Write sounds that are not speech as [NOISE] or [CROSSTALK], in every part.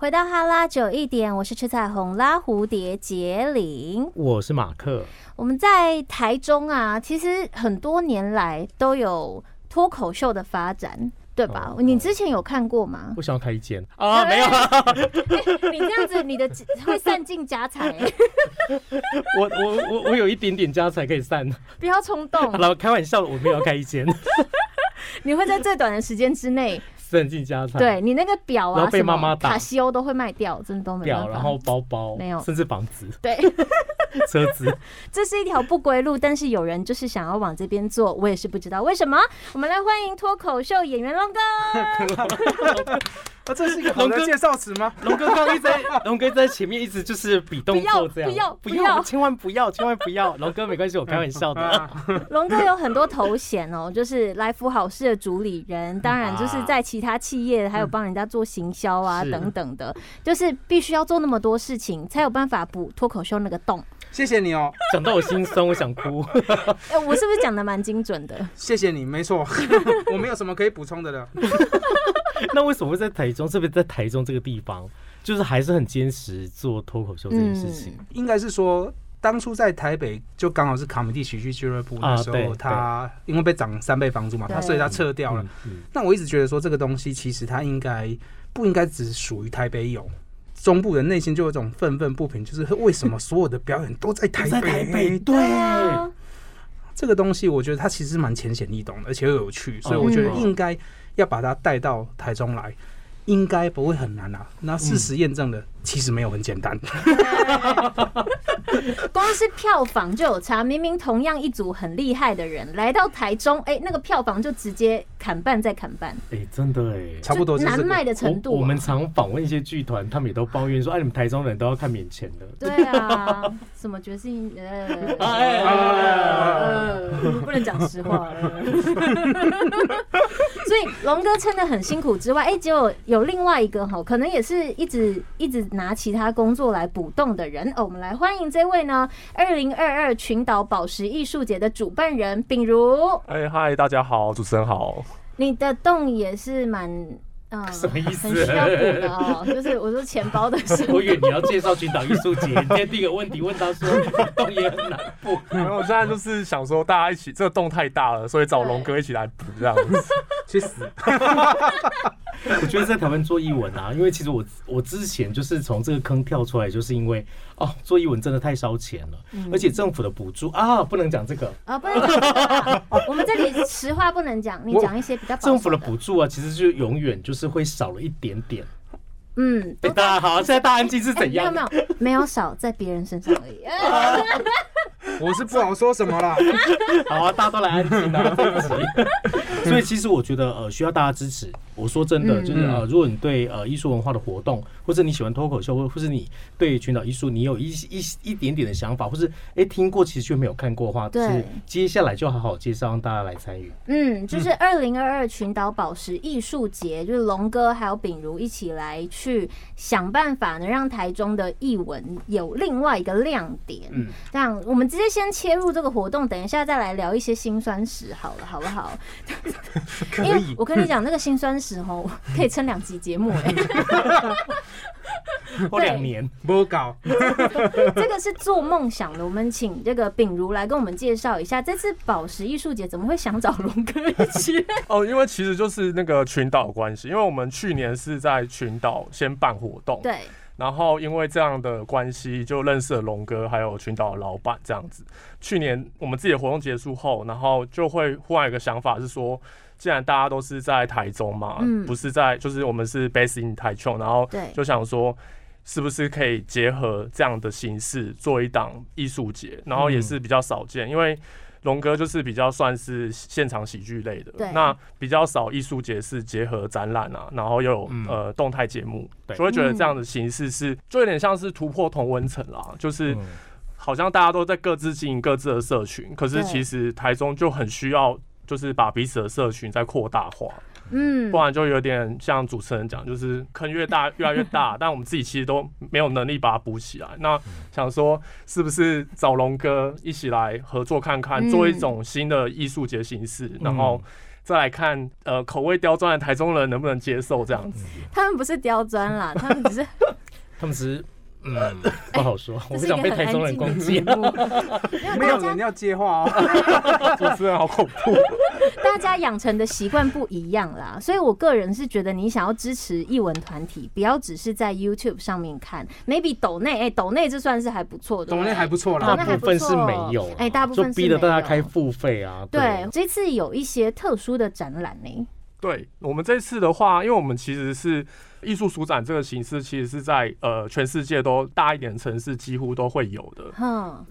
回到哈啦久一點，我是吃彩虹拉蝴蝶婕鈴，我是馬克。我們在台中啊，其實很多年來都有脫口秀的發展，對吧？哦、你之前有看過嗎？我想要開一間、哦、啊，沒有、欸，你這樣子你的會散盡家財、欸。我我我我有一點點家財可以散，不要衝動。老開玩笑了，我沒有要開一間。 [LAUGHS] 你會在最短的時間之內。家對你那個表啊，然後被媽媽打，卡西歐都會賣掉，真的都沒有。表，然後包包，沒有，甚至房子，對， [LAUGHS] 車子， [LAUGHS] 這是一條不歸路。但是有人就是想要往這邊做，我也是不知道為什麼。我們來歡迎脫口秀演員龍哥。 [LAUGHS] [LAUGHS] 啊，這是一個龍哥介紹詞嗎？龍哥剛一直在龍哥在前面一直就是比動作這樣，不要，不要，千萬不要，千萬不要，龍哥沒關係，我開玩笑的。龍哥有很多頭銜哦，就是來福好事的主理人，當然就是在其他企業還有幫人家做行銷啊等等的，就是必須要做那麼多事情，才有辦法補脫口秀那個洞。謝謝你哦，講到我心酸，我想哭。哎，我是不是講的蠻精準的？謝謝你，沒錯，我沒有什麼可以補充的了。 [LAUGHS] 那為什麼會在台中，特別在台中這個地方，就是還是很堅持做脫口秀這件事情？嗯、應該是說，當初在台北就剛好是卡米蒂喜劇俱樂部的時候，啊、他因為被漲三倍房租嘛，對他所以他撤掉了。那、嗯嗯嗯、我一直覺得說，這個東西其實他應該不應該只屬於台北有？中部人內心就有一種憤憤不平，就是為什麼所有的表演都在台北？對啊，這個東西我覺得它其實蠻淺顯易懂的，而且又有趣，所以我覺得應該。要把它帶到台中來，應該不會很難啊。那事實驗證的，嗯、其實沒有很簡單。光是票房就有差，明明同樣一組很厲害的人來到台中，哎、欸，那個票房就直接砍半再砍半。哎、欸，真的哎、欸，差不多難賣的程度、啊我我。我們常訪問一些劇團，他們也都抱怨說：“哎、啊，你們台中人都要看免錢的。”對啊，什麼決心？呃，不能講實話。 [LAUGHS] [LAUGHS] 所以龍哥撐的很辛苦之外，哎、欸，只有有另外一個吼，可能也是一直一直拿其他工作來補洞的人哦，我們來歡迎這位呢，二零二二群島寶石藝術節的主辦人秉儒。哎、欸、嗨，大家好，主持人好，你的洞也是蠻。嗯，uh, 什麼意思？啊、哦， [LAUGHS] 就是我說錢包的事。 [LAUGHS] 我以為你要介紹群島藝術節，你今天第一個問題問他說，洞也很難補，然後 [LAUGHS] [LAUGHS] 現在就是想說大家一起，這個洞太大了，所以找龍哥一起來補這樣子。去死，我覺得在台灣做藝文啊，因為其實我我之前就是從這個坑跳出來，就是因為。哦，做藝文真的太燒錢了，嗯、而且政府的補助啊，不能講這個啊、哦，不能講。 [LAUGHS] 我們這裡實話不能講，我 你講一些比較保守的。政府的補助啊，其實就永遠就是會少了一點點。嗯、欸，大家好，啊，現在大安靜是怎樣的？欸欸，沒，有沒，有沒有少在別人身上而已、 [LAUGHS] 啊。我是不好說什麼啦。 [LAUGHS] 好，啊，大家都來安靜、啊、 [LAUGHS] 對不起，所以其實我覺得呃，需要大家支持。我說真的，就是呃，如果你對呃藝術文化的活動，或者你喜歡脫口秀，或或是你對群島藝術，你有一一一,一,一點點的想法，或是哎、欸、聽過其實卻沒有看過的話，對，接下來就好好介紹讓大家來參與。嗯，就是二零二二群島寶石藝術節，嗯、就是龍哥還有秉儒一起來去想辦法，能讓台中的藝文有另外一個亮點。嗯，這樣我們直接先切入這個活動，等一下再來聊一些辛酸史，好了，好不好？ [LAUGHS] 因為我跟你講那個辛酸史。時候可以撐兩集節目哎，兩年，不如搞。這個是做夢想的。我們請這個秉儒來跟我們介紹一下，這次寶石藝術節怎麼會想找龍哥一起？ [LAUGHS] 哦，因為其實就是那個群島的關係，因為我們去年是在群島先辦活動，對。然後因為這樣的關係，就認識了龍哥，還有群島的老闆這樣子。去年我們自己的活動結束後，然後就會忽然有一個想法是說。既然大家都是在台中嘛，嗯、不是在就是我們是 based in 台中，然後就想說是不是可以結合這樣的形式做一檔藝術節，然後也是比較少見，嗯、因為龍哥就是比較算是現場喜劇類的，對那比較少藝術節是結合展覽啊，然後又有、嗯、呃動態節目，所以、嗯、覺得這樣的形式是就有點像是突破同溫層啦，就是好像大家都在各自經營各自的社群，可是其實台中就很需要，就是把彼此的社群再擴大化，嗯，不然就有點像主持人講，就是坑越大越來越大， [LAUGHS] 但我們自己其實都沒有能力把它補起來。那想說是不是找龍哥一起來合作看看，嗯、做一種新的藝術節形式，嗯、然後再來看呃口味刁鑽的台中人能不能接受這樣子？他們不是刁鑽啦， [LAUGHS] 他們只是，他們只是。嗯，不好說，欸、我不想被台中人攻擊、啊、 [LAUGHS] 沒有人要接話啊， [LAUGHS] [LAUGHS] 主持人好恐怖、啊。大家養成的習慣不一樣啦，所以我個人是覺得，你想要支持藝文團體，不要只是在 YouTube 上面看。Maybe 斗內、欸，哎，斗內這算是還不錯的，斗內還不錯啦，大啦、欸。大部分是沒有，哎，大部分是逼得大家開付費啊。對，對這次有一些特殊的展覽呢、欸。對我們這次的話，因為我們其實是。藝術書展這個形式其實是在呃全世界都大一點的城市幾乎都會有的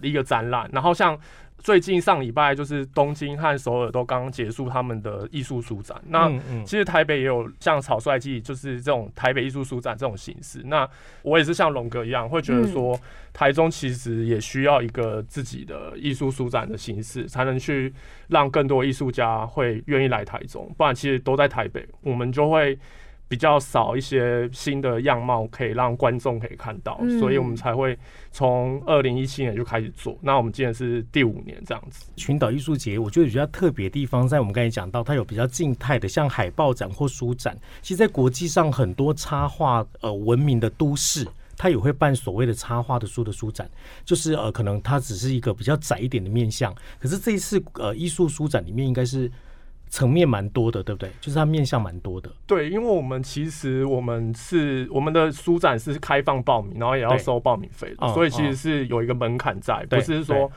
一個展覽。然後像最近上禮拜就是東京和首爾都剛剛結束他們的藝術書展。嗯、那其實台北也有像草率季，就是這種台北藝術書展這種形式。嗯、那我也是像龍哥一樣，會覺得說，台中其實也需要一個自己的藝術書展的形式，才能去讓更多藝術家會願意來台中。不然其實都在台北，我們就會。比較少一些新的樣貌可以讓觀眾可以看到，所以我們才會從二零一七年就開始做。那我們今年是第五年這樣子。群島藝術節，我覺得比較特別的地方，在我們剛才講到，它有比較靜態的，像海報展或書展。其實，在國際上很多插畫呃文明的都市，它也會辦所謂的插畫的書的書展，就是呃可能它只是一個比較窄一點的面向。可是這一次呃藝術書展裡面應該是層面蠻多的，對不對？就是它面向蠻多的。對，因為我們其實我們是我們的書展是開放報名，然後也要收報名費，嗯、所以其實是有一個門檻在，對不是說，對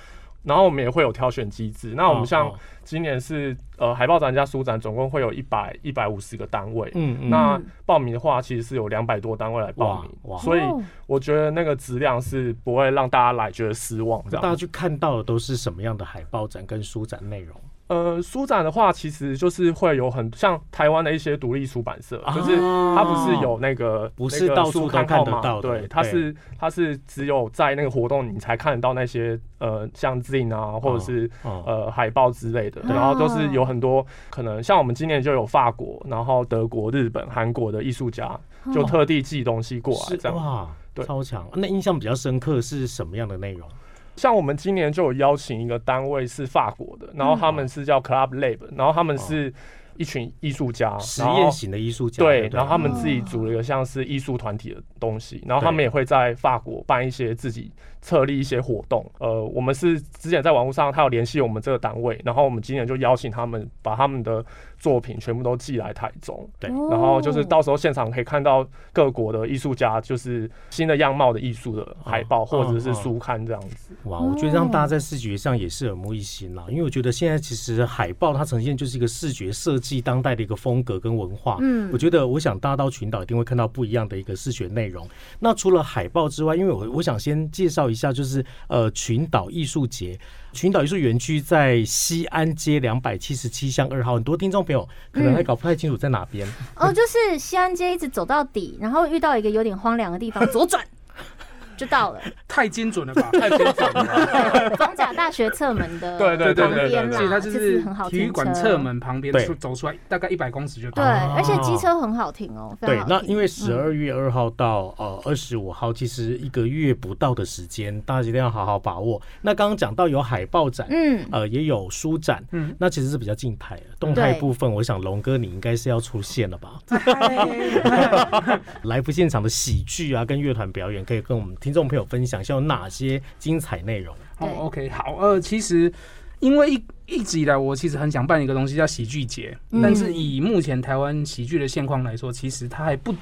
然後我們也會有挑選機制。嗯、那我們像今年是呃海報展加書展，總共會有一百一百五十個單位。嗯嗯。那報名的話，其實是有兩百多單位來報名，哇哇所以我覺得那個質量是不會讓大家來覺得失望、嗯。那樣大家去看到的都是什麼樣的海報展跟書展內容？呃，書展的話，其實就是會有很像台灣的一些獨立出版社，啊、就是它不是有那個不是到處都看,書看得到的，對，它是對它是只有在那個活動你才看得到那些呃像 Zine 啊，或者是、啊啊、呃海報之類的，啊、然後都是有很多可能像我們今年就有法國、然後德國、日本、韓國的藝術家就特地寄東西過來這樣，啊、哇對，超強、啊。那印象比較深刻的是什麼樣的內容？像我們今年就有邀請一個單位是法國的，然後他們是叫 Club Lab，然後他們是一群藝術家、實驗型的藝術家，對，然後他們自己組了一個像是藝術團體的東西，然後他們也會在法國辦一些自己。策立一些活動，呃，我們是之前在網絡上，他有聯繫我們這個單位，然後我們今年就邀請他們把他們的作品全部都寄來台中，對，哦、然後就是到時候現場可以看到各國的藝術家就是新的樣貌的藝術的海報、啊啊啊、或者是書刊這樣子，哇，我覺得讓大家在視覺上也是耳目一新啦、啊，因為我覺得現在其實海報它呈現就是一個視覺設計當代的一個風格跟文化，嗯，我覺得我想大家到群島一定會看到不一樣的一個視覺內容。那除了海報之外，因為我我想先介紹。一下就是呃，群島藝術節，群島藝術園區在西安街兩百七十七巷二號。很多聽眾朋友可能還搞不太清楚在哪邊？嗯、 [LAUGHS] 哦，就是西安街一直走到底，然後遇到一個有點荒涼的地方，左轉。 [LAUGHS] 就到了，太精準了吧？太精準了！逢甲大學側門的，對對對對對，所以它就是很好。體育館側門旁邊，走出來大概一百公尺就到了。對，而且機車很好停哦。對，那因為十二月二號到呃二十五號，其實一個月不到的時間，大家一定要好好把握。那剛剛講到有海報展，嗯，呃，也有書展，嗯，那其實是比較靜態的。動態部分，我想龍哥你應該是要出現了吧？來福現場的喜劇啊，跟樂團表演可以跟我們。聽眾朋友分享一下有哪些精彩內容？哦、oh,，OK，好，呃，其實因為一一直以來，我其實很想辦一個東西叫喜劇節，嗯、但是以目前台灣喜劇的現況來說，其實它還不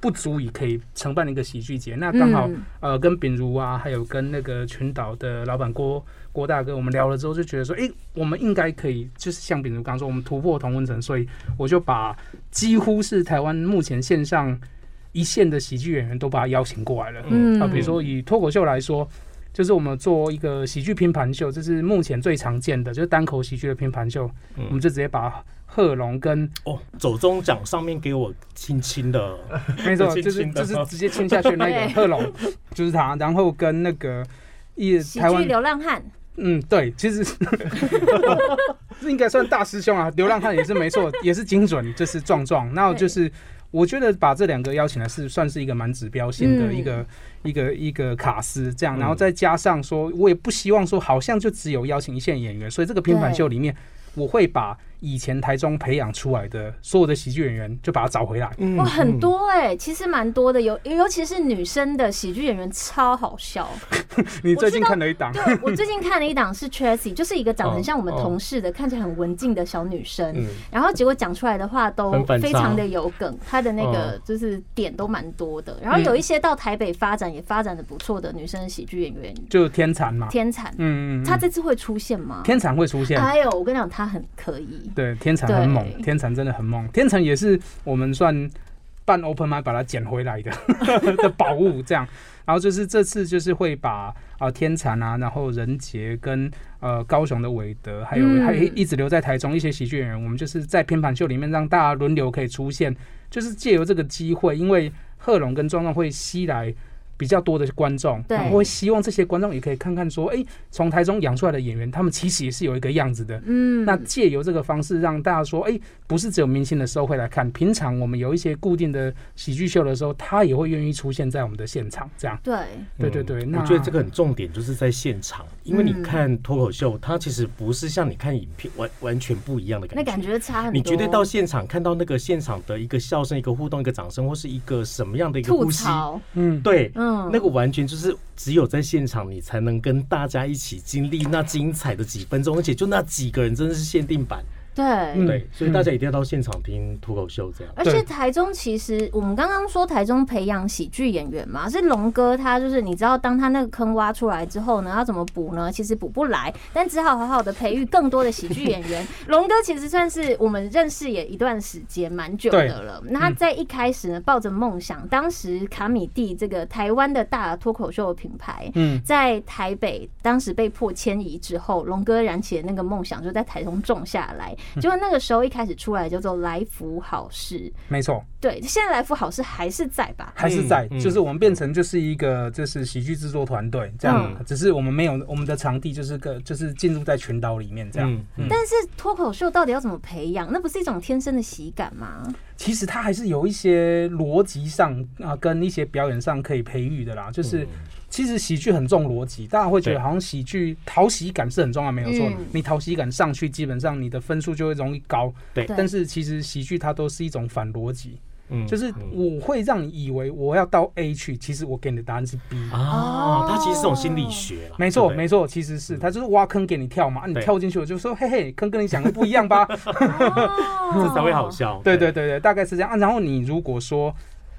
不足以可以承辦一個喜劇節。那剛好，嗯、呃，跟秉儒啊，還有跟那個群島的老闆郭郭大哥，我們聊了之後，就覺得說，哎、欸，我們應該可以，就是像秉儒剛剛說，我們突破同溫層，所以我就把幾乎是台灣目前線上。一線的喜劇演員都把他邀請過來了。嗯，啊，比如說以脫口秀來說，就是我們做一個喜劇拼盤秀，這是目前最常見的，就是單口喜劇的拼盤秀。嗯，我們就直接把賀龍跟哦，走中獎上面給我親親的，啊、沒錯，親親就是就是直接親下去那個賀龍，對就是他，然後跟那個一 [LAUGHS] 台灣灣流浪漢，嗯，對，其實 [LAUGHS] [LAUGHS] 應該算大師兄啊，流浪漢也是沒錯，也是精準，就是壯壯，然後就是。我覺得把這兩個邀請來是算是一個蠻指標性的一個一個一個卡司，這樣，然後再加上說，我也不希望說好像就只有邀請一線演員，所以這個拼盤秀裡面我會把。以前台中培養出來的所有的喜劇演員，就把他找回來。嗯嗯、哇，很多哎、欸，其實蠻多的，尤尤其是女生的喜劇演員超好笑。 [LAUGHS] 你最近看了一檔，對我最近看了一檔是 Tracy，就是一個長得很像我們同事的，哦、看起來很文靜的小女生，哦嗯、然後結果講出來的話都非常的有梗，她的那個就是點都蠻多的。然後有一些到台北發展也發展得不錯的女生的喜劇演員，就天蠶嘛天，天蠶，嗯，嗯，嗯她這次會出現嗎？天蠶會出現。還有，我跟你講，她很可以。對天蠶很猛，對天蠶真的很猛，天蠶也是我們算辦 open mic 把它撿回來的 [LAUGHS] [LAUGHS] 的寶物，這樣，然後就是這次就是會把啊、呃、天蠶啊，然後人杰跟呃高雄的韋德，還有還一直留在台中一些喜劇演員，嗯、我們就是在拼盤秀裡面讓大家輪流可以出現，就是借由這個機會，因為賀龍跟壯壯會吸來。比較多的觀眾，對我會希望這些觀眾也可以看看說，哎、欸，從台中養出來的演員，他們其實也是有一個樣子的。嗯，那借由這個方式，讓大家說，哎、欸，不是只有明星的時候會來看，平常我們有一些固定的喜劇秀的時候，他也會願意出現在我們的現場。這樣，對，嗯、對對對。那我覺得這個很重點，就是在現場，因為你看脫口秀，它其實不是像你看影片完完全不一樣的感覺，那感覺差很多。你絕對到現場看到那個現場的一個笑聲、一個互動、一個掌聲，或是一個什麼樣的一個呼吸，槽對嗯，對，嗯。那個完全就是只有在現場，你才能跟大家一起經歷那精彩的幾分鐘，而且就那幾個人真的是限定版。對、嗯、對，所以大家一定要到現場聽脫口秀這樣。嗯、而且台中其實我們剛剛說台中培養喜劇演員嘛，是龍哥他就是你知道當他那個坑挖出來之後呢，要怎麼補呢？其實補不來，但只好好好的培育更多的喜劇演員。龍 [LAUGHS] 哥其實算是我們認識也一段時間蠻久的了。對那他在一開始呢，抱着夢想，當時卡米蒂這個台灣的大脫口秀的品牌，嗯、在台北當時被迫遷移之後，龍哥燃起的那個夢想就在台中種下來。就結果那個時候一開始出來叫做來福好事，沒錯錯，對，現在來福好事還是在吧？還是在，嗯、就是我們變成就是一個就是喜劇制作團隊這樣，嗯、只是我們沒有我們的場地就是個就是進入在群島裡面這樣。嗯嗯、但是脫口秀到底要怎麼培養？那不是一種天生的喜感嗎？其實它還是有一些邏輯上啊、呃、跟一些表演上可以培育的啦，就是。其實喜劇很重邏輯，大家會覺得好像喜劇討喜感是很重要，沒有錯。你討喜感上去，基本上你的分數就會容易高。對，但是其實喜劇它都是一種反邏輯，嗯，就是我會讓你以為我要到 A 去，其實我給你的答案是 B 啊，它其實是種心理學，沒錯沒錯，其實是他就是挖坑給你跳嘛，啊你跳進去我就說嘿嘿，坑跟你講的不一樣吧，這才會好笑。對對對對，大概是這樣。然後你如果說。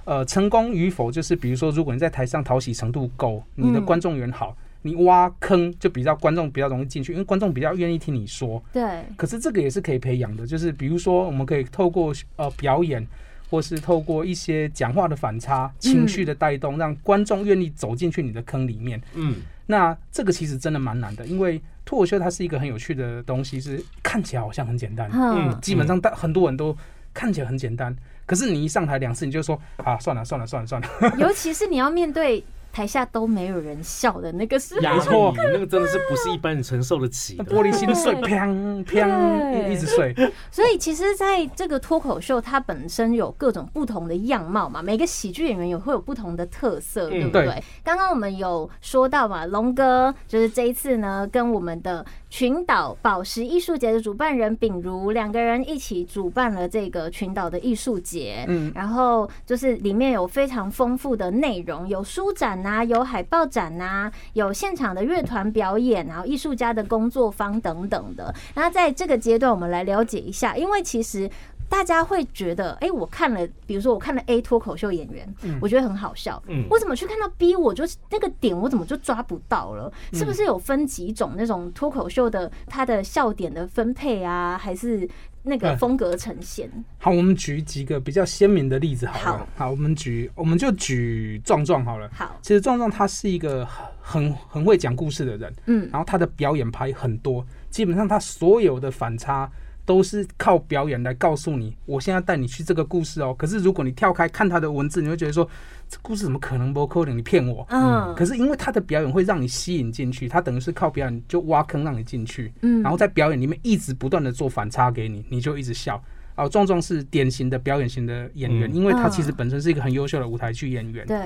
呃，成功與否就是，比如說，如果你在台上討喜程度夠，你的觀眾緣好，你挖坑就比較觀眾比較容易進去，因為觀眾比較願意聽你說。對。可是這個也是可以培養的，就是比如說，我們可以透過呃表演，或是透過一些講話的反差、情緒的帶動，讓觀眾願意走進去你的坑裡面。嗯。那這個其實真的蠻難的，因為脫口秀它是一個很有趣的東西，是看起來好像很簡單，嗯，基本上大很多人都。看起來很簡單，可是你一上台兩次，你就說啊，算了算了算了算了，算了呵呵，尤其是你要面對台下都沒有人笑的那個時候，沒錯、嗯，那個真的是不是一般人承受得起的對對玻璃心碎，啪啪對一直碎。所以其實，在這個脫口秀，它本身有各種不同的樣貌嘛，每個喜劇演員也會有不同的特色，嗯、對不對？剛剛對我們有說到嘛，龍哥就是這一次呢，跟我們的。群島寶石藝術節的主辦人秉儒，兩個人一起主辦了這個群島的藝術節。嗯，然後就是裡面有非常豐富的內容，有書展吶、啊，有海報展吶、啊，有現場的樂團表演，然後藝術家的工作坊等等的。那在這個階段，我們來了解一下，因為其實。大家會覺得，哎、欸，我看了，比如說我看了 A 脫口秀演員，嗯、我覺得很好笑，嗯、我怎麼去看到 B，我就是那個點我怎麼就抓不到了？嗯、是不是有分幾種那種脫口秀的他的笑點的分配啊，還是那個風格呈現？嗯、好，我們舉幾個比較鮮明的例子好了。好，好，我們舉我們就舉壯壯好了。好，其實壯壯他是一個很很會講故事的人，嗯，然後他的表演牌很多，基本上他所有的反差。都是靠表演來告訴你，我現在帶你去這個故事哦。可是如果你跳開看他的文字，你會覺得說這故事怎麼可能不扣的？你騙我！嗯。可是因為他的表演會讓你吸引進去，他等於是靠表演就挖坑讓你進去，嗯。然後在表演裡面一直不斷的做反差給你，你就一直笑。啊，壯壯是典型的表演型的演員，因為他其實本身是一個很優秀的舞台劇演員。對。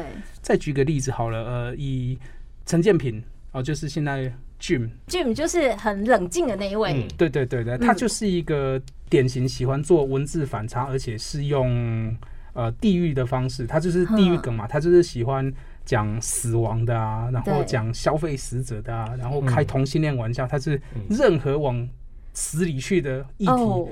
再舉個例子好了，呃，以陳建平哦、啊，就是現在。Jim Gym Jim 就是很冷靜的那一位，嗯、對對對對，他就是一個典型喜歡做文字反差，而且是用呃地獄的方式，他就是地獄梗嘛，他就是喜歡講死亡的啊，然後講消費死者的啊，然後開同性戀玩笑，他是任何往死裡去的議題，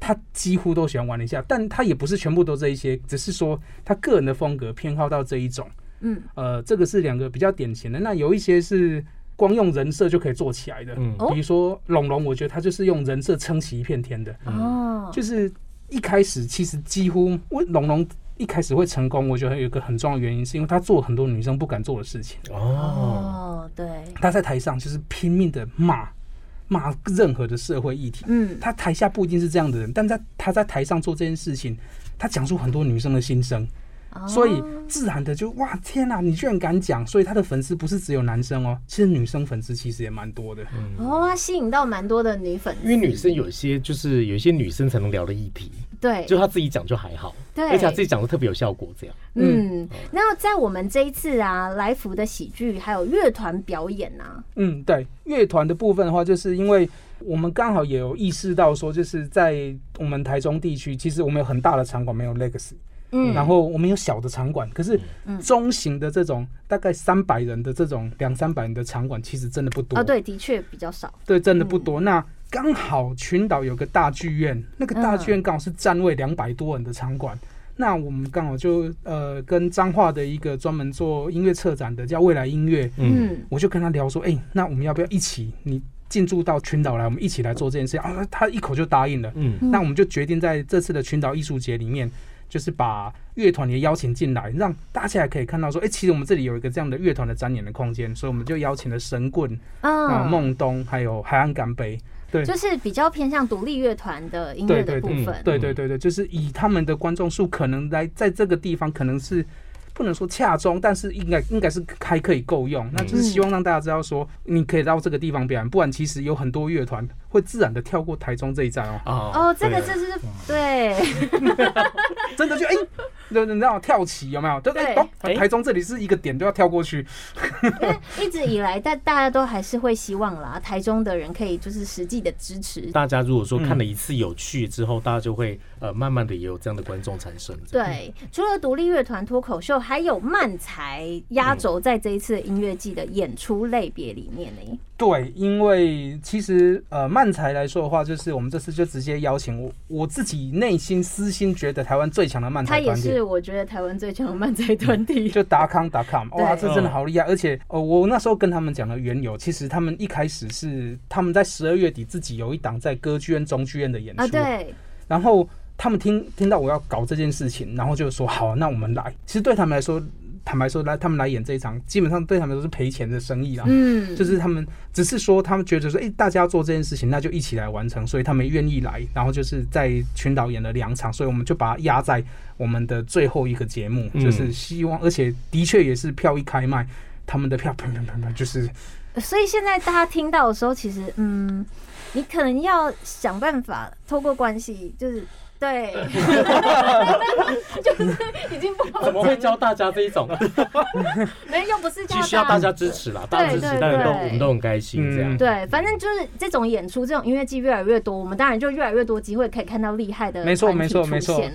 他幾乎都喜歡玩一下，但他也不是全部都這一些，只是說他個人的風格偏好到這一種，嗯，呃，這個是兩個比較典型的，那有一些是。光用人設就可以做起來的，嗯，比如說龍龍，我覺得他就是用人設撐起一片天的，哦，就是一開始其實幾乎，龍龍一開始會成功，我覺得有一個很重要的原因，是因為他做很多女生不敢做的事情，哦，對，他在台上就是拼命的罵罵任何的社會議題，嗯，他台下不一定是這樣的人，但在他在台上做這件事情，他講述很多女生的心聲。所以自然的就哇天啊，你居然敢講！所以他的粉絲不是只有男生哦、喔，其實女生粉絲其實也蠻多的、嗯。哦，他吸引到蠻多的女粉絲，因為女生有些就是有一些女生才能聊的議題，對，就他自己講就還好，對，而且他自己講的特別有效果這樣。嗯，嗯，那在我們這一次啊，來福的喜劇還有樂團表演啊，嗯，對，樂團的部分的話，就是因為我們剛好也有意識到說，就是在我們台中地區，其實我們有很大的場館沒有那個。嗯、然後我們有小的場館，可是中型的這種、嗯、大概三百人的這種兩三百人的場館，其實真的不多啊。對，的確比較少。對，真的不多。嗯、那剛好群島有個大劇院，那個大劇院剛好是站位兩百多人的場館。嗯、那我們剛好就呃跟彰化的一個專門做音樂策展的叫未來音樂，嗯，我就跟他聊說，哎，那我們要不要一起？你進駐到群島來，我們一起來做這件事情啊、哦，他一口就答應了。嗯，那我們就決定在這次的群島藝術節裡面。就是把樂團也邀請進來，讓大家還可以看到說，哎、欸，其實我們這裡有一個這樣的樂團的展演的空間，所以我們就邀請了神棍、嗯、啊、夢東，還有海岸乾杯，對，就是比較偏向獨立樂團的音樂的部分。對對對對，就是以他們的觀眾數，可能來在這個地方，可能是不能說恰中，但是應該應該是還可以夠用。那就是希望讓大家知道說，你可以到這個地方表演，不然其實有很多樂團會自然的跳過台中這一站哦。哦，這個就是對。 [LAUGHS] 真的就哎，就、欸、你知道跳棋有沒有？就哎，台、欸對哦、台中這裡是一個點都要跳過去。欸、 [LAUGHS] 一直以來，但大家都還是會希望啦，台中的人可以就是實際的支持。大家如果說看了一次有趣之後，嗯、大家就會呃慢慢的也有這樣的觀眾產生。對，除了獨立樂團脫口秀，還有漫才壓軸，在這一次音樂季的演出類別裡面呢、欸。對，因為其實呃，漫才來說的話，就是我們這次就直接邀請我，我自己內心私心覺得台灣最強的漫才團體，他也是我覺得台灣最強的漫才團體，嗯、就達康達康，com. Com, 對哇，這真的好厲害！哦、而且哦、呃，我那時候跟他們講的緣由，其實他們一開始是他們在十二月底自己有一檔在歌劇院、中劇院的演出、啊、對，然後他們聽聽到我要搞這件事情，然後就說好、啊，那我們來。其實對他們來說。坦白說，來他們來演這一場，基本上對他們都是賠錢的生意啦。嗯，就是他們只是說，他們覺得說，哎、欸，大家要做這件事情，那就一起來完成，所以他們願意來。然後就是在群導演群島演了兩場，所以我們就把它壓在我們的最後一個節目，嗯、就是希望，而且的確也是票一開賣，他們的票、嗯、就是。所以現在大家聽到的時候，其實嗯，你可能要想辦法透過關係，就是。對，就是已經不好。怎麼會教大家這一種？ [LAUGHS] 沒，又不是。教大家支持啦，大家支持，大家都我們都很開心這樣，嗯。對，反正就是這種演出，這種音樂劇越來越多，我們當然就越來越多機會可以看到厲害的沒錯。沒錯，沒錯，沒錯。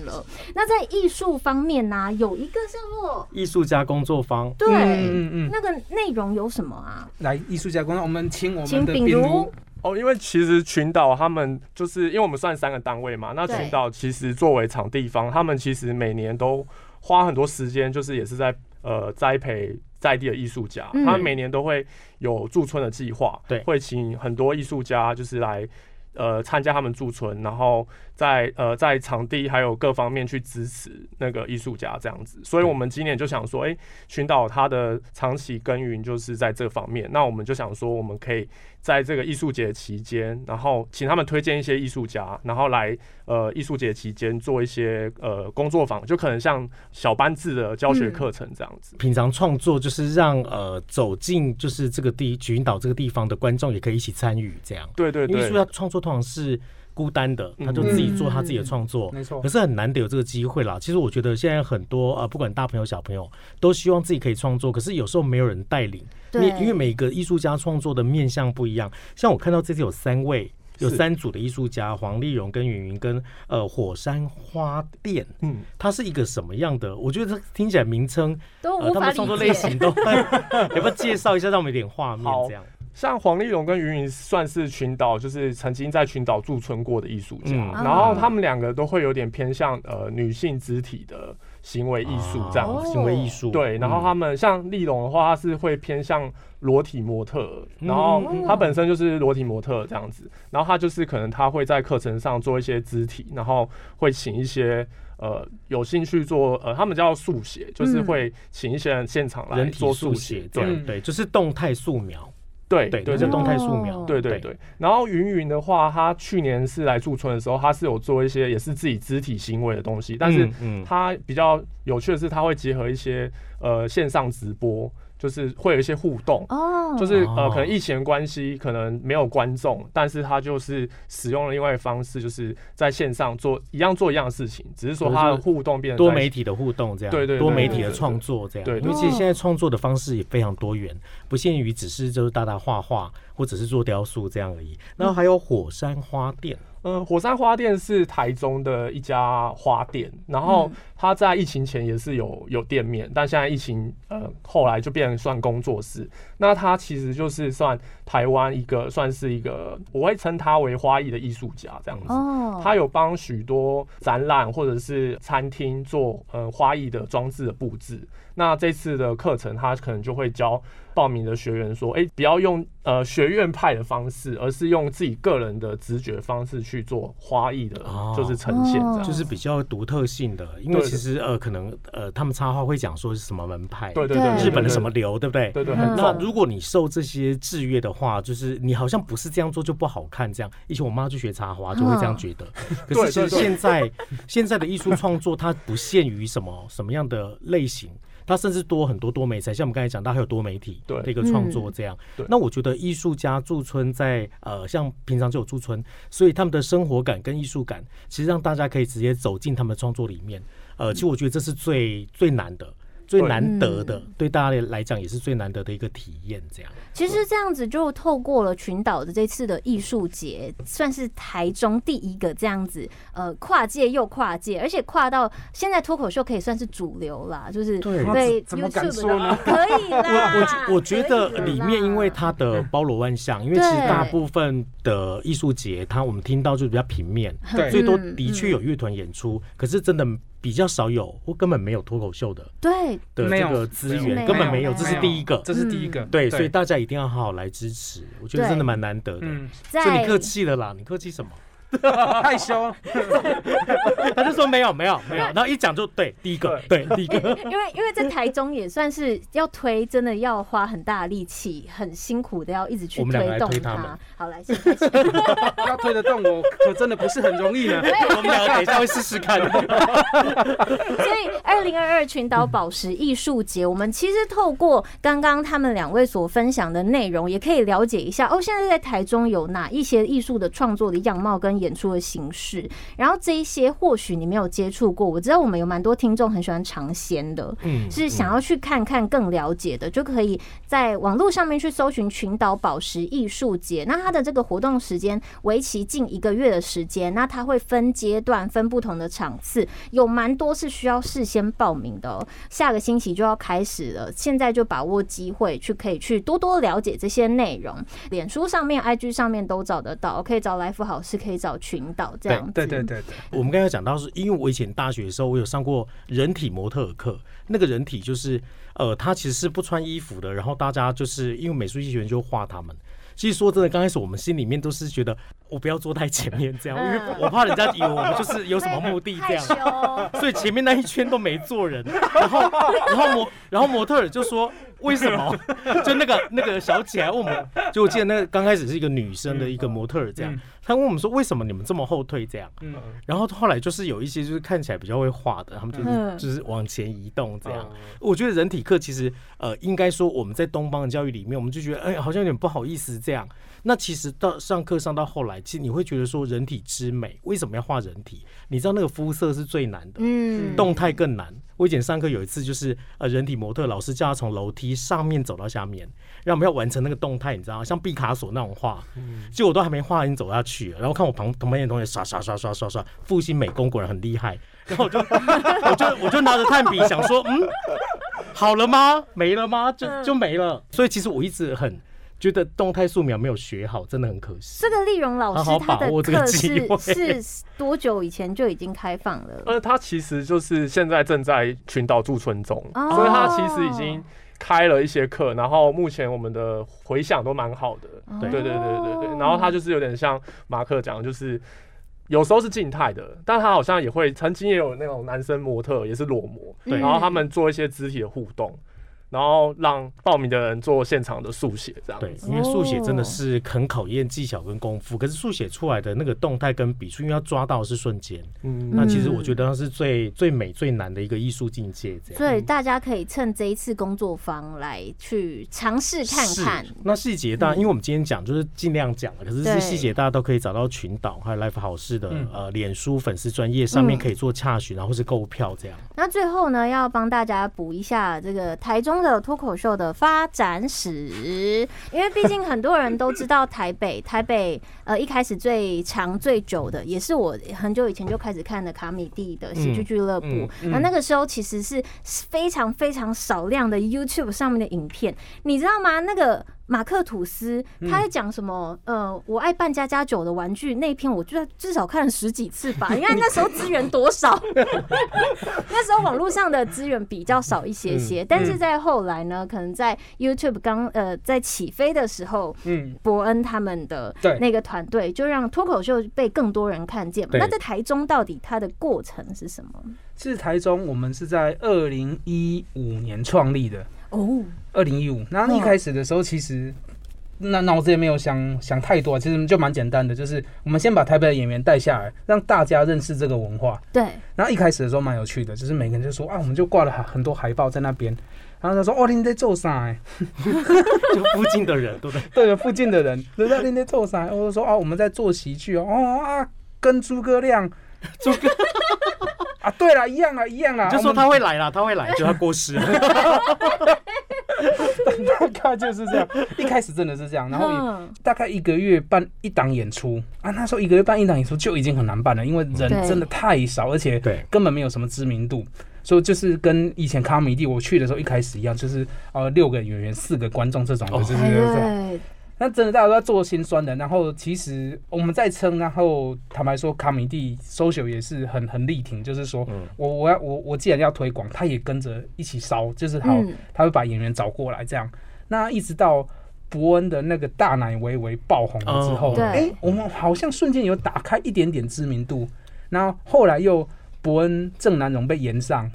那在藝術方面呢，啊，有一個叫做藝術家工作坊。對，嗯嗯。嗯，那個內容有什麼啊？來，藝術家工作坊我們請我們的秉儒。哦，因為其實群島他們就是，因為我們算三個單位嘛。那群島其實作為場地方，他們其實每年都花很多時間，就是也是在呃栽培在地的藝術家。嗯、他們每年都會有駐村的計劃，對會請很多藝術家就是來。呃，參加他們駐村，然後在呃在場地還有各方面去支持那個藝術家這樣子，所以我們今年就想說，哎、欸，群島他的長期耕耘就是在這方面，那我們就想說，我們可以在這個藝術節期間，然後請他們推薦一些藝術家，然後來呃藝術節期間做一些呃工作坊，就可能像小班制的教學課程這樣子。嗯、平常創作就是讓呃走進就是這個地群島這個地方的觀眾也可以一起參與這樣。對對對，藝術家創作。通常是孤單的，他就自己做他自己的創作，嗯嗯、沒錯。可是很難得有這個機會啦。其實我覺得現在很多呃，不管大朋友小朋友，都希望自己可以創作，可是有時候沒有人帶領。對因為每個藝術家創作的面向不一樣，像我看到這次有三位，有三組的藝術家：是黃麗蓉跟芸芸跟、跟雲雲、跟呃火山花店。嗯。它是一個什麼樣的？我覺得這聽起來名稱呃，他們創作類型都，要、 [LAUGHS] [LAUGHS] 哎、不要介紹一下，讓我們有點畫面這樣？像黃麗蓉跟云云算是群島，就是曾經在群島駐村過的藝術家。嗯、然後他們兩個都會有點偏向呃女性肢體的行為藝術這樣。哦、行為藝術對，然後他們像麗蓉的話，她是會偏向裸體模特，然後她本身就是裸體模特這樣子。然後她就是可能她會在課程上做一些肢體，然後會請一些呃有興趣做呃他們叫速寫，就是會請一些人現場來做速寫，對、嗯、對，嗯、就是動態素描。對對對，就動態素描，對對對。然後雲雲的話，她去年是來駐村的時候，她是有做一些也是自己肢體行為的東西，但是她比較有趣的是，她會結合一些呃線上直播。就是會有一些互動，就是呃，可能疫情的關係，可能沒有觀眾，但是他就是使用了另外的方式，就是在線上做一樣做一樣的事情，只是說他的互動變成多媒體的互動這樣，對對，多媒體的創作這樣，對，尤其現在創作的方式也非常多元，不限於只是就是大大畫畫或者是做雕塑這樣而已，然後還有火山花店。嗯，火山花店是台中的一家花店，然後他在疫情前也是有有店面，但現在疫情，呃、嗯，後來就變成算工作室。那他其實就是算台灣一個算是一個，我會稱他為花藝的藝術家這樣子。他有幫許多展覽或者是餐廳做呃、嗯、花藝的裝置的布置。那這次的課程，他可能就會教報名的學員說：“哎、欸，不要用呃學院派的方式，而是用自己個人的直覺方式去做花藝的，哦、就是呈現這樣，就是比較獨特性的。因為其實的呃，可能呃，他們插花會講說是什麼門派，對對對，日本的什麼流，對不對？對，對對。嗯、那如果你受這些制約的話，就是你好像不是這樣做就不好看。這樣以前我媽去學插花就會這樣覺得。嗯、可是其實現在對對對，現在的藝術創作它不限於什麼 [LAUGHS] 什麼樣的類型。”它甚至多很多多媒體，像我們剛才講到它還有多媒體的一個創作這樣。對嗯、那我覺得藝術家駐村在呃，像平常就有駐村，所以他們的生活感跟藝術感，其實讓大家可以直接走進他們的創作裡面。呃，其實我覺得這是最最難的。對最難得的，嗯、對大家來講也是最難得的一個體驗。這樣，其實這樣子就透過了群島的這次的藝術節，算是台中第一個這樣子，呃，跨界、又跨界，而且跨到現在脫口秀可以算是主流啦。就是對，對的怎麼敢說呢？可以嗎？我我我覺得裡面因為它的包羅萬象，嗯、因為其實大部分的藝術節，它我們聽到就比較平面，最多對的確有樂團演出，對嗯、可是真的。比較少有或根本沒有脫口秀的，對，的這個資源有根本沒有，沒有這是第一個，這是第一個，嗯、對，對所以大家一定要好好來支持，我覺得真的蠻難得的。這對你客氣了啦，你客氣什麼？ [LAUGHS] 害羞、啊， [LAUGHS] 他就說沒有沒有沒有，然後一講就對第一個，對第一個，對 因為因為在台中也算是要推，真的要花很大的力氣，很辛苦的要一直去推動它。好，來，謝謝。要推得動我，我真的不是很容易呢。我們兩個等一下會試試看。所以，二零二二群島寶石藝術節，我們其實透過剛剛他們兩位所分享的內容，也可以了解一下。哦，現在在台中有哪一些藝術的創作的樣貌跟。演出的形式，然後這一些或許你沒有接觸過，我知道我們有蠻多聽眾很喜歡嘗鮮的，嗯，是想要去看看、更了解的，就可以在網絡上面去搜尋群島寶石藝術節。那它的這個活動時間為期近一個月的時間，那它會分階段、分不同的場次，有蠻多是需要事先報名的哦。下個星期就要開始了，現在就把握機會去可以去多多了解這些內容，臉書上面、IG 上面都找得到，可以找來福好事，可以找。群島這樣，對對對對，對，我們剛才講到是，因為我以前大學的時候，我有上過人體模特課，那個人體就是，呃，他其實是不穿衣服的，然後大家就是因為美術系學員就畫他們，其實說真的，剛開始我們心裡面都是覺得。我不要坐在前面，這樣，因為我怕人家以為我們就是有什麼目的這樣，所以前面那一圈都沒坐人。然後，然後模，然後模特兒就說：“為什麼？”就那個那個小姐問我們，就我記得那個剛開始是一個女生的一個模特兒這樣，她問我們說：“為什麼你們這麼後退？”這樣。嗯。然後後來就是有一些就是看起來比較會畫的，他們就是就是往前移動這樣。我覺得人體課其實，呃，應該說我們在東方的教育裡面，我們就覺得哎，好像有點不好意思這樣。那其實到上課上到後來，其實你會覺得說人體之美，為什麼要畫人體？你知道那個膚色是最難的，嗯，動態更難。我以前上課有一次就是呃人體模特，老師叫他從樓梯上面走到下面，讓我們要完成那個動態，你知道像畢卡索那種畫，嗯，結果，我都還沒畫，已經走下去了，然後看我旁旁邊的同學刷刷刷刷刷刷，復興美工果然很厲害，然後我就 [LAUGHS] 我就我就拿着炭筆想說，嗯，好了嗎？沒了嗎？就就沒了。嗯、所以其實我一直很。覺得動態素描沒有學好，真的很可惜。這個麗榮老師他的課是好把握這個機會，是多久以前就已經開放了？呃、嗯，他其實就是現在正在群島駐村中，哦、所以他其實已經開了一些課，然後目前我們的回響都蠻好的。哦、對對對對對。然後他就是有點像馬克講的，就是有時候是靜態的，但他好像也會曾經也有那種男生模特也是裸模，嗯、然後他們做一些肢體的互動。然後讓報名的人做現場的速寫，這樣對，因為速寫真的是很考驗技巧跟功夫。可是速寫出來的那個動態跟筆觸，因為要抓到是瞬間，嗯，那其實我覺得它是最、嗯、最美最難的一個藝術境界這樣。所以大家可以趁這一次工作坊來去嘗試看看。那細節大，嗯、因為我們今天講就是盡量講，可是，是細節大家都可以找到群島還有來福好事的呃臉書粉絲專頁，上面可以做查詢，嗯、然後是購物票這樣。那最後呢，要幫大家補一下這個台中。這個脫口秀的發展史，因為畢竟很多人都知道台北， [LAUGHS] 台北呃一開始最長最久的，也是我很久以前就開始看的卡米蒂的喜劇俱樂部。那、嗯嗯嗯、那個時候其實是非常非常少量的 YouTube 上面的影片，你知道嗎？那個。馬克吐斯他在講什麼？嗯、呃，我愛扮家家酒的玩具那一篇，我就至少看了十幾次吧。你看那時候資源多少？ [LAUGHS] [LAUGHS] 那時候網絡上的資源比較少一些些，嗯嗯、但是在後來呢，可能在 YouTube 剛呃在起飛的時候，嗯，博恩他們的那個團隊就讓脫口秀被更多人看見嘛。對那在台中到底它的過程是什麼？是台中，我們是在二零一五年創立的哦。二零一五，2015，然後一開始的時候，其實哇那腦子也沒有想想太多，其實就蠻簡單的，就是我們先把台北的演員帶下來，讓大家認識這個文化。對。然後一開始的時候蠻有趣的，就是每個人就說：“啊，我們就掛了很多海報在那邊。”然後他說：“哦，你在做啥？” [LAUGHS] 就附近的人，對不對？對附近的人，人在那邊做啥？我說：“哦、啊，我們在做喜劇哦。”啊，跟豬哥亮，豬哥 [LAUGHS] 啊，對了，一樣啊，一樣啊，就說他會來了們，他會來，就他過世了。 [LAUGHS] [LAUGHS] 大概就是這樣，一開始真的是這樣，然後大概一個月辦一檔演出啊，那時候一個月辦一檔演出就已經很難辦了，因為人真的太少，而且根本沒有什麼知名度，所以就是跟以前卡米地我去的時候一開始一樣，就是呃六個演員四個觀眾這種，就是這樣。Oh, right. 那真的大家都在做心酸的，然後其實我們在撐，然後坦白說，卡米蒂 social 也是很很力挺，就是說我我要我我既然要推廣，他也跟着一起燒，就是他、嗯、他會把演員找過來這樣。那一直到博恩的那個大奶微微爆紅了之後，哎、oh, 對欸，我們好像瞬間有打開一點點知名度。然後後來又博恩鄭南榕被炎上。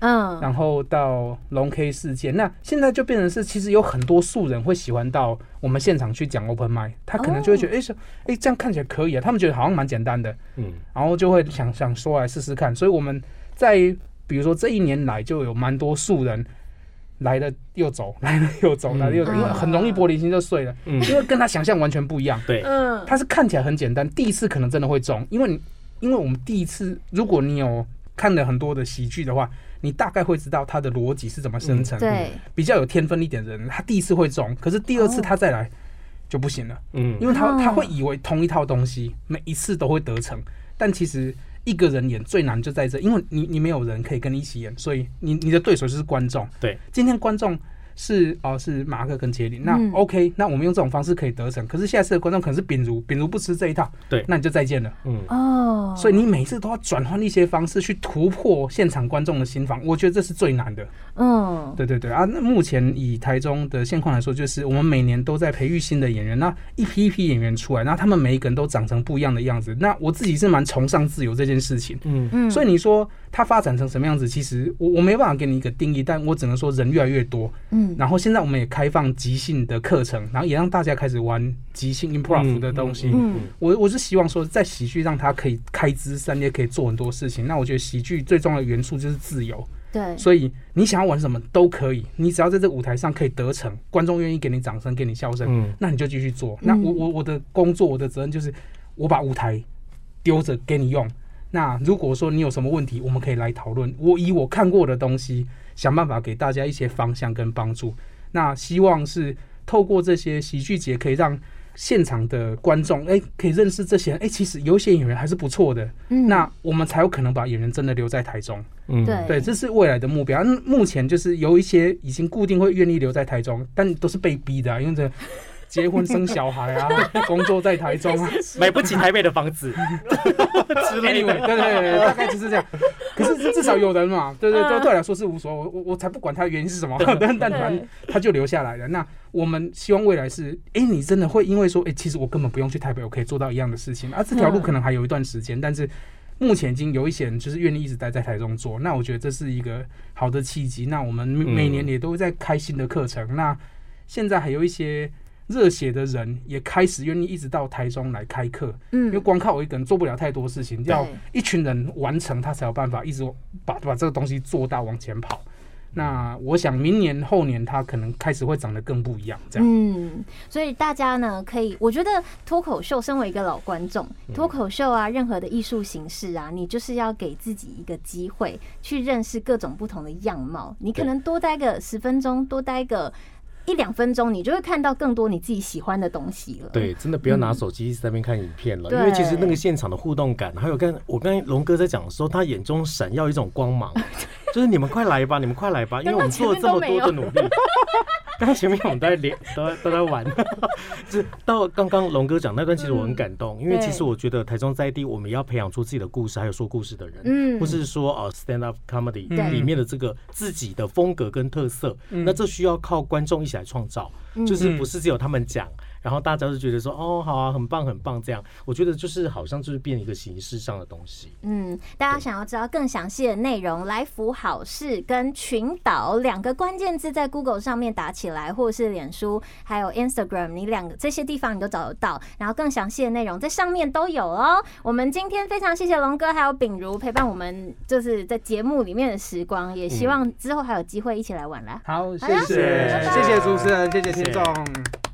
嗯，然後到龍 K 世界，那現在就變成是，其實有很多素人會喜歡到我們現場去講 Open m i d 他可能就會覺得，哎、oh,，哎，這樣看起來可以啊，他們覺得好像蠻簡單的，嗯，然後就會想想說來試試看，所以我們在比如說這一年來就有蠻多素人來了又走，來了又走，嗯、來了又因為很容易玻璃心就碎了，嗯、因為跟他想象完全不一樣， [LAUGHS] 對，他是看起來很簡單，第一次可能真的會中，因為因為我們第一次，如果你有看了很多的喜劇的話。你大概會知道他的邏輯是怎麼生成，嗯、對，比較有天分一點的人，他第一次會中，可是第二次他再來就不行了，嗯、哦，因為他他會以為同一套東西每一次都會得逞，但其實一個人演最難就在這，因為你你沒有人可以跟你一起演，所以你你的對手就是觀眾，對，今天觀眾。是哦，是馬克跟婕鈴。那 OK，、嗯、那我們用這種方式可以得逞。可是下次的觀眾可能是秉儒，秉儒不吃這一套，對，那你就再見了。嗯哦，所以你每次都要轉換一些方式去突破現場觀眾的心防，我覺得這是最難的。嗯，對對對啊，那目前以台中的現況來說，就是我們每年都在培育新的演員，那一批一批演員出來，那他們每一個人都長成不一樣的樣子。那我自己是蠻崇尚自由這件事情，嗯嗯，所以你說它發展成什麼樣子，其實我我沒辦法給你一個定義，但我只能說人越來越多，嗯。然後現在我們也開放即興的課程，然後也讓大家開始玩即興 improv 的東西。嗯嗯嗯嗯、我我是希望說，在喜劇讓他可以開枝散葉，可以做很多事情。那我覺得喜劇最重要的元素就是自由。對，所以你想要玩什麼都可以，你只要在這個舞台上可以得逞，觀眾願意給你掌聲，給你笑聲，嗯、那你就繼續做。那我我我的工作，我的責任就是我把舞台丟着給你用。那如果說你有什麼問題，我們可以來討論。我以我看過的東西。想辦法給大家一些方向跟幫助。那希望是透過這些喜劇節，可以讓現場的觀眾哎、欸，可以認識這些人哎、欸，其實有些演員還是不錯的。嗯，那我們才有可能把演員真的留在台中。嗯，對，這是未來的目標。目前就是有一些已經固定會願意留在台中，但都是被逼的、啊，因為這結婚生小孩啊， [LAUGHS] 工作在台中、啊， [LAUGHS] 買不起台北的房子。a、Anyway, 對對對，大概就是這樣。 [LAUGHS] 可是至少有人嘛，對對，對。對來說是無所謂，我我我才不管他的原因是什麼，但但凡他就留下來了。那我們希望未來是，誒、欸，你真的會因為說，誒、欸，其實我根本不用去台北，我可以做到一樣的事情。啊，這條路可能還有一段時間，但是目前已經有一些人就是願意一直待在台中做，那我覺得這是一個好的契機。那我們每年也都在開新的課程，那現在還有一些。熱血的人也開始願意一直到台中來開課，嗯，因為光靠我一個人做不了太多事情，對要一群人完成，他才有辦法一直把把這個東西做大往前跑。嗯、那我想明年後年，他可能開始會長得更不一樣，這樣。嗯，所以大家呢，可以，我覺得脫口秀身為一個老觀眾，脫口秀啊，任何的藝術形式啊，你就是要給自己一個機會去認識各種不同的樣貌。你可能多待個十分鐘，多待個。一兩分鐘，你就會看到更多你自己喜歡的東西了。對，真的不要拿手機在那邊看影片了，嗯、因為其實那個現場的互動感，還有跟我跟龍哥在講的時候，他眼中閃耀一種光芒。 [LAUGHS] 就是你們快來吧，你們快來吧，因為我們做了這麼多的努力。哈哈剛才前面我們都在連，都在都在玩， [LAUGHS] 就到剛剛龍哥講那段，其實我很感動，嗯、因為其實我覺得台中在地，我們要培養出自己的故事，還有說故事的人，嗯，或是說呃、uh, stand up comedy、嗯、裡面的這個自己的風格跟特色，嗯、那這需要靠觀眾一起來創造，嗯、就是不是只有他們講。然後大家就覺得說，哦，好啊，很棒，很棒。這樣，我覺得就是好像就是變成一個形式上的東西。嗯，大家想要知道更詳細的內容，對來福好事跟群島兩個關鍵字在 Google 上面打起來，或是臉書，還有 Instagram，你兩個這些地方你都找得到。然後更詳細的內容在上面都有哦。我們今天非常謝謝龍哥還有秉儒陪伴我們，就是在節目裡面的時光，也希望之後還有機會一起來玩啦。嗯、好，謝謝，謝謝主持人，謝謝聽眾。謝謝。